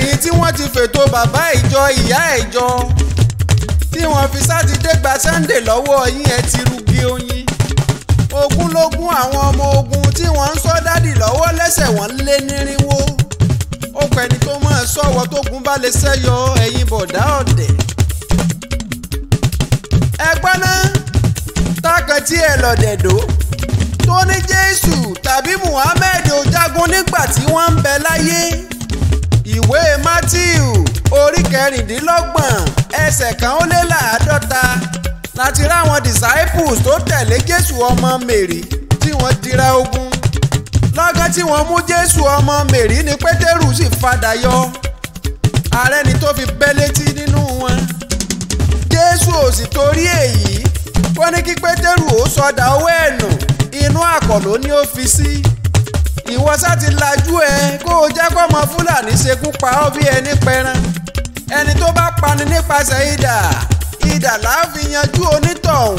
ẹ̀yìn tí wọ́n ti fètò bàbá ìjọ ìyá ìjọ tí wọ́n fi sátidé gba Sunday lọ́wọ́ yín ẹ ti rugi oyin ogunlógún àwọn ọmọ ogun tí wọ́n ń sọ dádì lọ́wọ́ lẹ́sẹ̀ wọ́n lé nírinwó ó pẹ́ni tó máa sọ̀wọ́ tógun bá lè sẹ́yọ ẹ̀yìn bọ̀dá ọ̀dẹ̀ ẹgbẹ́ náà tí ẹ lọ̀dẹ̀dọ́ tó ní Jésù tàbí Muhammed ò jagun nígbà tí wọ́n ń bẹ láyé ìwé matthew orí kẹrìndínlọ́gbọ̀n ẹsẹ̀ kan ó lé láàádọ́ta láti ráwọn disciples tó tẹ̀lé jésù ọmọ mèrì tí wọ́n dira ogun lọ́gán tí wọ́n mú jésù ọmọ mèrì ni pétérù sì fadà yọ ààrẹ ni tó fi bẹ́ létí nínú wọn jésù ò sì torí èyí kó ní kí pétérù ó sọdà owó ẹ̀nù inú àkọ̀ ló ní ó fi sí. Si ìwọ sá ti lajú ẹ kó o jẹ́ kọ́mọ fúlàní ṣekú pa ọ́ bí ẹni pẹran ẹni tó bá pani nípasẹ̀ idà idà láàfin yanjú onítọ̀hún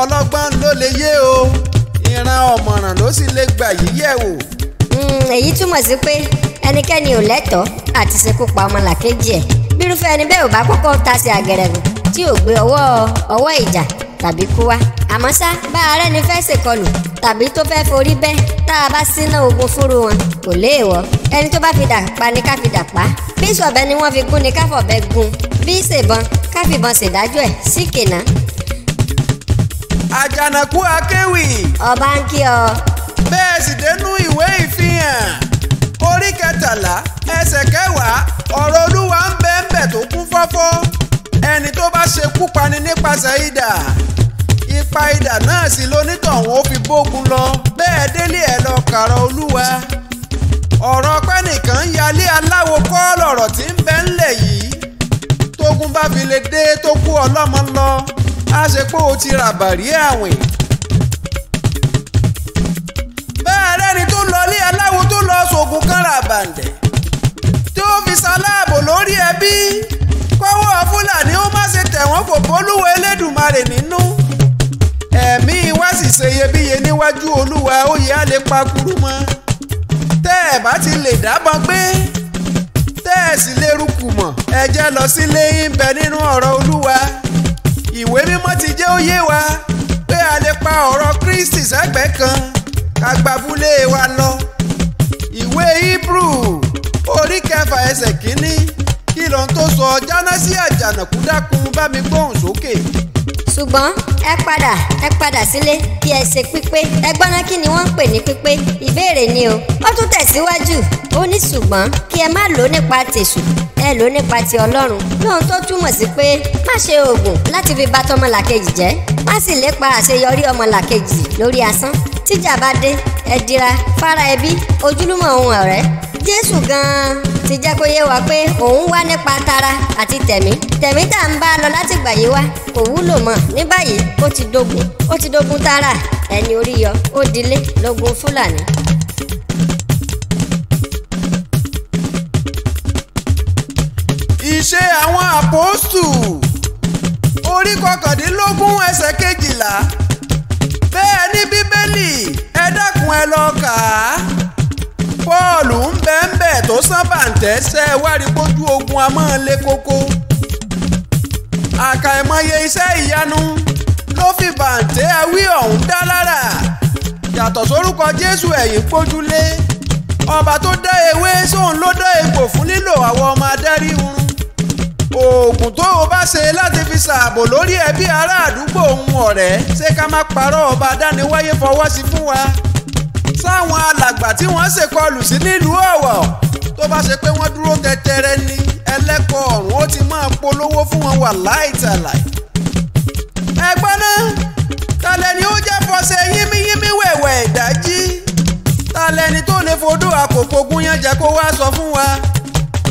ọlọ́gbọ́n ló lè yé o ìran ọ̀mọ̀ràn ló sì lè gbà yí yẹ̀ wò. Hmm, èyí túmọ̀ sí pé ẹnikẹ́ni ò lẹ́tọ̀ọ́ àti ṣekú pa ọmọlàkejì ẹ̀ bírúfẹ́ ẹni bẹ́ẹ̀ ò bá kọ́kọ́ tasẹ̀ àgẹ̀rẹ̀gùn tí ò gbé ọwọ́ ọwọ́ ara ẹni fẹ́ ṣèkọlù tàbí tó fẹ́ forí bẹ́ tá a bá ṣínà ogun fúru wọn kò léèwọ̀ ẹni tó bá fi dà pa ni ká fi dà pa bí ìṣọ̀bẹ ni wọ́n fi gún ni ká fọ̀bẹ gún bí ìṣèbọn ká fìbọn ṣèdájọ́ ẹ̀ sí kènà. àjànàkú akéwì. ọba ń kí ọ. bẹ́ẹ̀ sì dénú ìwé ìfihàn orí kẹtàlá ẹsẹ̀ kẹwàá ọ̀rọ̀ olúwa ń bẹ́ẹ̀ bẹ́ẹ̀ tó kún fọ́fọ́ ẹni tó bá ṣekú pani nípasẹ̀ idà ipa idà náà sì lonítọ̀hún ó fi bógun lọ bẹ́ẹ̀ délé ẹ̀ lọ kàrọ̀ olúwa ọ̀rọ̀ pẹ́ nìkan yálé aláwo kọ́ lọ̀rọ̀ tí ń bẹ ńlẹ̀ yìí tógun bá fi lè dé tó kú ọlọ́mọ lọ á ṣe pé o ti ràbàrí àwìn. bẹ́ẹ̀ rẹ́ni tó lọlé aláwo tó lọ sògùn kan ràbàǹdẹ̀ tí ó fi ṣaláàbò lórí ẹbí kọ́wọ́ fúlàní ó má ṣe tẹ̀wọ́n kò bólúwọ elédùnmarè nínú ṣeyebíye níwájú olúwa oyè á lè pa kúrú mọ́ tẹ́ ẹ̀ bá ti lè dábọn pé tẹ́ ẹ̀ sì lè rúkù mọ̀ ẹ lọ sílé ń nínú ọ̀rọ̀ olúwa ìwé mímọ́ ti jẹ́ òye wa pé a lè pa ọ̀rọ̀ Kristi sẹ́gbẹ́ kan agbábúlé wa lọ ìwé Hebrew orí kẹfà ẹsẹ̀ kínní kí lóhun tó sọ jánásí àjànàkú bá mi gbóhùn sókè. ṣùgbọ́n ẹ padà ẹ padà sílé bí ẹ ṣe pípé ẹ kí ni wọ́n ń pè ní pípé ìbéèrè ni o ó tún tẹ̀síwájú ó ní ṣùgbọ́n kí ẹ má lò nípa tèṣù ẹ lò nípa ti ọlọ́run lóhun tó túmọ̀ sí pé má ṣe oògùn láti fi ba tọmọlàkejì jẹ́ má sì lépa àṣeyọrí ọmọlàkejì lórí asán tíjà bá dé ẹ dira fara ẹbí ojúlùmọ̀ ohun ọ̀rẹ́ jésù gan-an ti jẹ́ kó yé wa pé òun wá nípa tara àti tẹ̀mí tẹ̀mí tá à ń bá a lọ látìgbà yìí wá kò wúlò mọ́ ní báyìí ó ti dogun ó ti dogun tara ẹni orí yọ ó dilé lógun fúlàní. ìṣe àwọn àpòstù orí kọkàndínlógún ẹsẹ̀ kejìlá bẹ́ẹ̀ ní bíbélì ẹ dákun ẹ lọ kà á. Paul ń bẹ́ńbẹ́ tó sán bàǹtẹ́ ṣe é wá rí pójú ogun amọ́lé kókó àkàìmọye iṣẹ́ ìyanu ló fi bàǹtẹ́ ẹwí ọ̀hún dá lára yàtọ̀ sórúkọ Jésù ẹ̀yìn pójúlé ọba tó dá ewé sóun ló dá egbò fún lílo àwọn ọmọ adarí oorun oògùn tó o bá ṣe láti fi ṣààbò lórí ẹbí ará àdúgbò ohun ọ̀rẹ́ ṣé ká má parọ́ ọba dániwáyé fọwọ́ sí fún wa táwọn alàgbà tí wọ́n ṣèkọlù sí nílùú Ọ̀wọ̀ tó bá ṣe pé wọ́n dúró tẹtẹrẹ ni ẹlẹ́kọ̀ọ́ ọ̀run ó ti máa polówó fún wọn wà láìtàláì. ẹgbẹ́ náà talẹ́ni ó jẹ́ fọṣẹ yínmíyínmí wẹ̀wẹ̀ ìdájí talẹ́ni tó lè fodó àkókò gúnyànjẹ kó wá sọ fún wa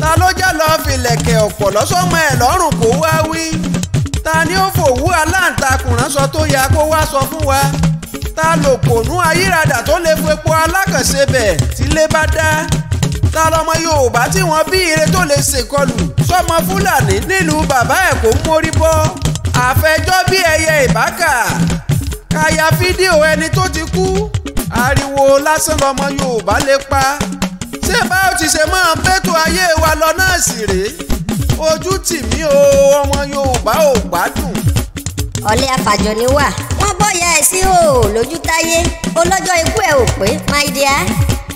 ta ló jẹ́ lọ́ọ́ filẹ̀kẹ̀ ọ̀pọ̀ lọ́sọ́mọ ẹ̀ lọ́rùn kó wá wí ta ni ó fòwú aláǹtakùn ránṣọ tó yá kó wá sọ fún wa ta lò pònú ayíradà tó lè fepo alákànṣe bẹ̀ tílé bá dá ta lọmọ yorùbá tí wọ́n bí ire tó lè ṣèkọlù sọmọ fúlàní nílùú bàbá ẹ̀ kò mórí bọ́ àfẹjọ́ bí ẹyẹ ìbákà kàyà fídíò ẹni tó ti kú ariwo lásán lọmọ yorùbá lè pa ṣé bá ti ṣe máa bẹ́tò ayé wa lọ náà sì rèé ojú tì mí o ọmọ yorùbá ò gbádùn. ọ̀lẹ àfàjọ ni wà bọ́yà ẹ̀ sí o lójú táyé ọlọ́jọ́ ikú ẹ̀ ò pé my dear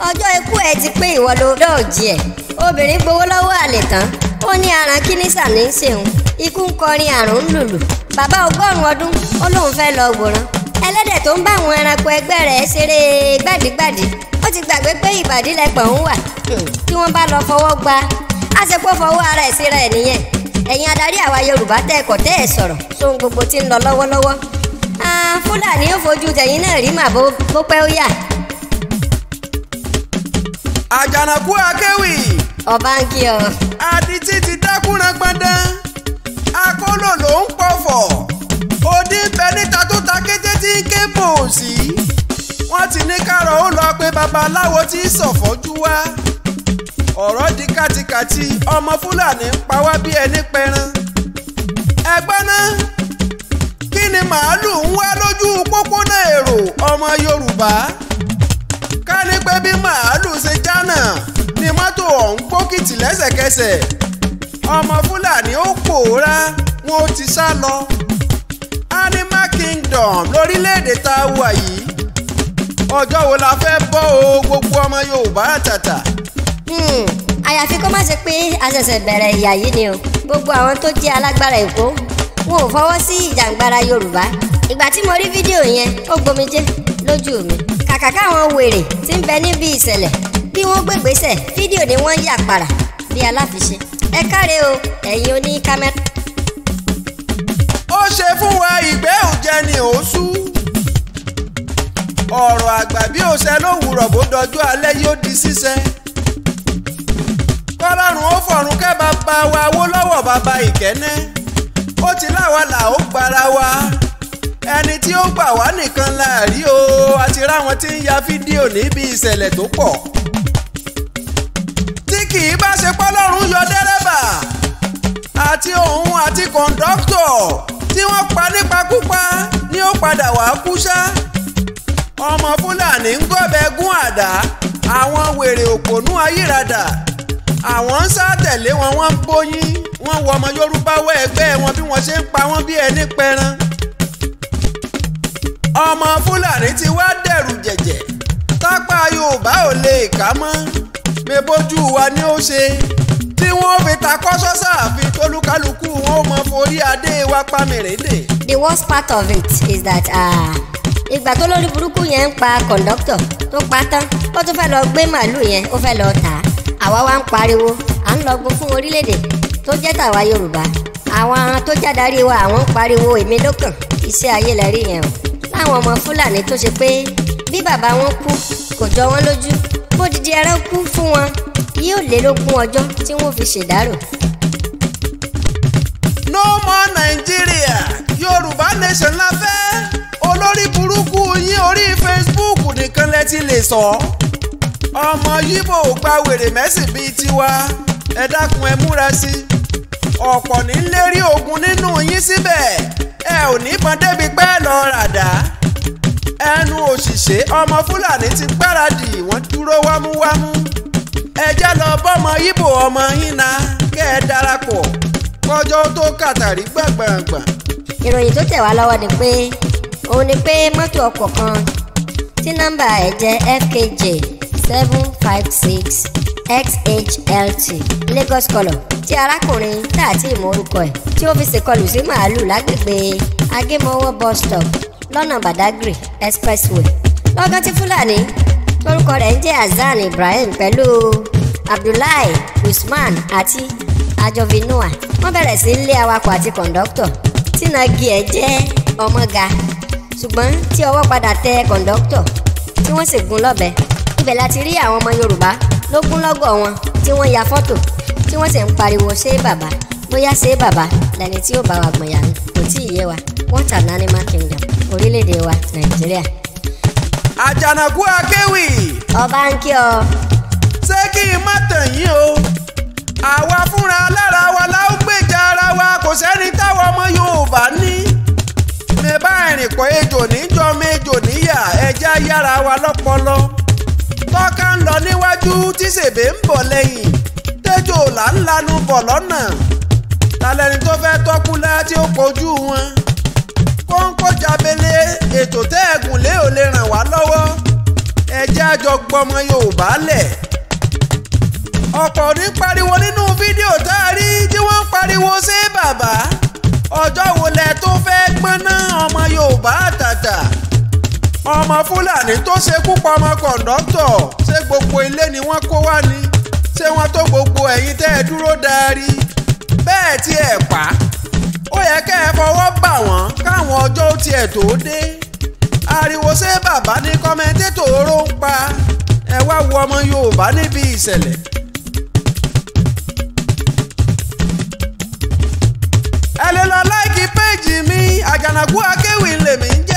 ọjọ́ ikú ẹ̀ ti pé ìwọ ló dọ̀ọ̀jì ẹ̀ obìnrin gbowó lọ́wọ́ àlè tán ó ní aràn kínísà n'i í ṣeun ikú ń kọrin àrùn ń lùlù bàbá ọgọ́rùn-ún ọdún ó lóun fẹ́ lọ wòran ẹlẹ́dẹ̀ tó ń bá àwọn ẹranko ẹgbẹ́ rẹ̀ ṣeré gbàdígbàdí ó ti gbàgbé pé ìbàdí wà hmm, tí wọ́n bá lọ fọwọ́ gba á ṣe fúdà ní ó fojú tẹ̀yìn náà rí màá bó pẹ́ ó yà. àjànàkú akéwì. ọba ń kí àdìtì ti dákúnra gbọ́ndán akóló ló ń pọ̀fọ̀ òdì ń bẹ níta tó ta kété tí ń ké bòòsì wọ́n ti ní kárọ̀ ó lọ pé babaláwo ti sọ̀fọ́jú wá ọ̀rọ̀ di kátikàti ọmọ fúlàní pa wá bí ẹni pẹran ẹgbẹ́ náà. kí ni màálùú ń wá lójú pópónà èrò ọmọ Yorùbá ká ní pé bí màálùú ṣe jánà ni mọ́tò ọ̀hún gbókìtì lẹ́sẹ̀kẹsẹ̀ ọmọ Fúlàní ó pòórá wọn ó ti sá lọ Animal Kingdom lórílẹ̀‐èdè tá a wà yìí ọjọ́ wo la fẹ́ bọ́ o gbogbo ọmọ Yorùbá àtàtà. Hmm. àyàfi kó má ṣe pé a ṣẹ̀ṣẹ̀ bẹ̀rẹ̀ ìyà yìí ni o gbogbo àwọn tó jẹ́ alágbára Èkó wọn ò fọwọ́ sí ìjàngbara yorùbá ìgbà tí mo rí fídíò yẹn ó gbomijé lójú mi kàkà káwọn wèrè tí ń bẹ níbi ìṣẹ̀lẹ̀ bí wọ́n gbégbèsè fídíò ni wọ́n yà para bí aláfiṣe ẹ káre o ẹ̀yin oní kámẹ́rà. ó ṣe fún wa ìgbẹ́ òjẹ ni ó sú ọ̀rọ̀ àgbà bí òṣẹ lówùrọ̀ bó dọjú alẹ́ yóò di ṣíṣẹ kọ́lọ́run ó fọ̀run kẹ́ bàbá wa wó lọ́wọ́ bàbá ìkẹ́nẹ́ ó ti láwa là ó para wa ẹni tí ó gbà wá nìkan láàrí o àti ráwọn tí ń ya fídíò níbi ìṣẹ̀lẹ̀ tó pọ̀ tí kì í bá ṣe pọ́lọ́run yọ dẹ́rẹ́bà àti òun àti kọ̀ǹdọ́kítọ̀ tí wọ́n pa nípakúpa ni ó padà wá kú ṣá ọmọ fúlàní ń gọ́bẹ gún àdá àwọn wèrè òpònú ayíradà àwọn ń sá tẹ̀lé wọn wọ́n ń bóyín wọ́n wọ ọmọ Yorùbá wọ ẹgbẹ́ wọn bí wọ́n ṣe ń pa wọ́n bí ẹni pẹran ọmọ Fúlàní ti wá dẹ̀rù jẹ̀jẹ̀ tápá Yorùbá ò lè kà mọ́ mebójú wa ni ó ṣe tí wọ́n fi takọ́ sọ́sà àfi tólúkálukú wọn ó mọ forí adé wa pa mèrèdè. the worst part of it is that ah, ìgbà tó lórí burúkú yẹn ń pa kọ̀ńdọ́kítọ̀ tó pa tán ó tún fẹ́ lọ gbé màálù yẹn ó fẹ́ lọ tà á àwa wa ń pariwo à ń lọgun fún orílẹ̀-èdè tó jẹ́ tàwa Yorùbá àwọn tó jádarí wa àwọn ń pariwo èmi lókàn iṣẹ́ ayé lẹ rí yẹn o láwọn ọmọ Fúlàní tó ṣe pé bí bàbá wọn kú kò jọ wọn lójú bó didi ẹran kú fún wọn yóò lé lógún ọjọ́ tí wọ́n fi ṣèdárò. no more Nigeria Yorùbá nation la fẹ́ olórí burúkú yín orí Facebook nìkan lẹ ti lè sọ. So ọmọ yíbò gba wèrè mẹ́sìn bíi tiwa ẹ dákun ẹ múra sí i ọ̀pọ̀ ní lérí ogun nínú yín síbẹ̀ ẹ ò ní pọn débi pẹ́ lọ ràdá ẹnu òṣìṣẹ́ ọmọ fúlàní ti gbáradì wọ́n dúró wámúwámú ẹjẹ́ lọ bọ́mọ yíbò ọmọ yín na kẹ́ ẹ darapọ̀ kọjọ́ tó kàtàrí gbàngbàngbàn. ìròyìn tó tẹ̀ wá lọ́wọ́ ni pé òun ni pé mọ́tò ọkọ̀ kan tí nọ́mbà ẹ̀ jẹ́ fkj seven five six xhlt lagos kọlọ̀ tí arákùnrin tá a ti mọ orúkọ ẹ̀ tí ó fi ṣèkọlù sí màálù lágbègbè agémọwọ́ bus stop lọ́nà badagry expressway lọ́gán tí fúlàní torúkọ rẹ̀ ń jẹ́ hasan ibrahim pẹ̀lú abdullahi usman àti Ajovinua. wọ́n bẹ̀rẹ̀ sí lé awakọ̀ àti kọ̀ǹdọ́tọ̀ tínagì ẹ̀ jẹ́ ọmọ ga ṣùgbọ́n tí ọwọ́ padà tẹ kọ̀ǹdọ́tọ̀ tí wọ́n sì gún lọ́bẹ ibẹ̀ láti rí àwọn ọmọ Yorùbá lógúnlọ́gọ̀ wọn tí wọ́n ya fọ́tò tí wọ́n sì ń pariwo ṣé bàbá bóyá ṣé bàbá lẹni tí ó bá wa gbọ̀nyà ni kò tí ì yé wa what an kingdom orílẹ̀-èdè wa Nàìjíríà. Àjànàkú akéwì. ọba ń kí ọ. ṣé kí n má tàn o àwa fúnra lára wa la gbèjà ara wa kò sẹ́ni táwọn ọmọ Yorùbá ní mi bá ìrìnkọ́ ejò níjọ́ méjò níyà ẹja yára wa lọ́pọlọ lọ níwájú tí ṣèbè ń bọ̀ lẹ́yìn tẹ́jọ́ là ń lanu bọ̀ lọ́nà talẹ́ni tó fẹ́ tọ́kúlá tí ó kojú wọn kóńkó jábélé ètò tẹ́ẹ̀gùn lé ò lè ràn wá lọ́wọ́ ẹjẹ́ àjọ gbọmọ Yorùbá lẹ̀ ọ̀pọ̀ ní pariwo nínú fídíò tá a rí tí wọ́n pariwo sí bàbá ọjọ́ wo lẹ tó fẹ́ gbọ́n náà ọmọ Yorùbá àtàtà. ọmọ fúlàní tó ṣekú pa ọmọ kọ̀ǹdọ́tọ̀ ṣé gbogbo ilé ni wọ́n kó wá ni ṣé wọ́n tó gbogbo ẹ̀yin tẹ́ ẹ dúró darí bẹ́ẹ̀ tí ẹ pa ó yẹ kẹ́ ẹ fọwọ́ bà wọ́n káwọn ọjọ́ tiẹ̀ tó dé ariwo ṣé bàbá ní kọ́mẹ́ńtétò oró ń pa ẹ wá wo ọmọ Yorùbá níbi ìṣẹ̀lẹ̀. ẹ lè lọ láìkí péèjì mi Àjànàkú Akéwì lèmi ń jẹ́.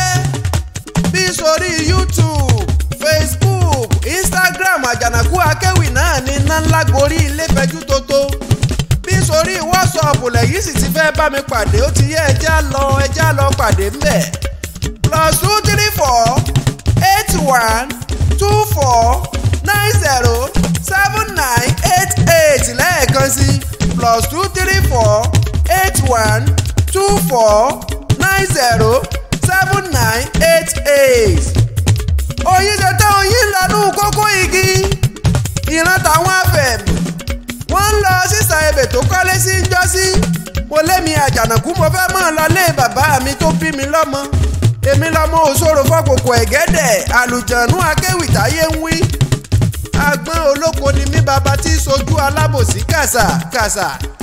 sórí YouTube Facebook Instagram àjànàkú akéwì náà ní nánlágorí ilé fẹjú tótó bí sórí WhatsApp lẹ́yìn sì ti fẹ́ bá mi pàdé ó ti yẹ ẹja lọ ẹja lọ pàdé ńbẹ̀ plus two three four eight one two four nine zero seven nine eight eight lẹ́ẹ̀kan sí plus two three four eight one two four nine zero nine eight eight oyin ṣe tẹ́ oyin lẹ́nu kókó igi ìran tàwọn afẹ́m wọ́n ń lọ sísan ebè tó kọ́lé sí ń jọ́sí mo lémi àjànàkú mo fẹ́ mọ̀ lọlé bàbá mi tó bí mi lọ́mọ èmi lọ́mọ òṣòro fọ́kòkò ẹ̀gẹ́dẹ̀ àlùjọ̀nú akéwìtáyé ń wí agbọ́n olóko ni mi bàbá tí sojú alábòsí kàṣà kàṣà.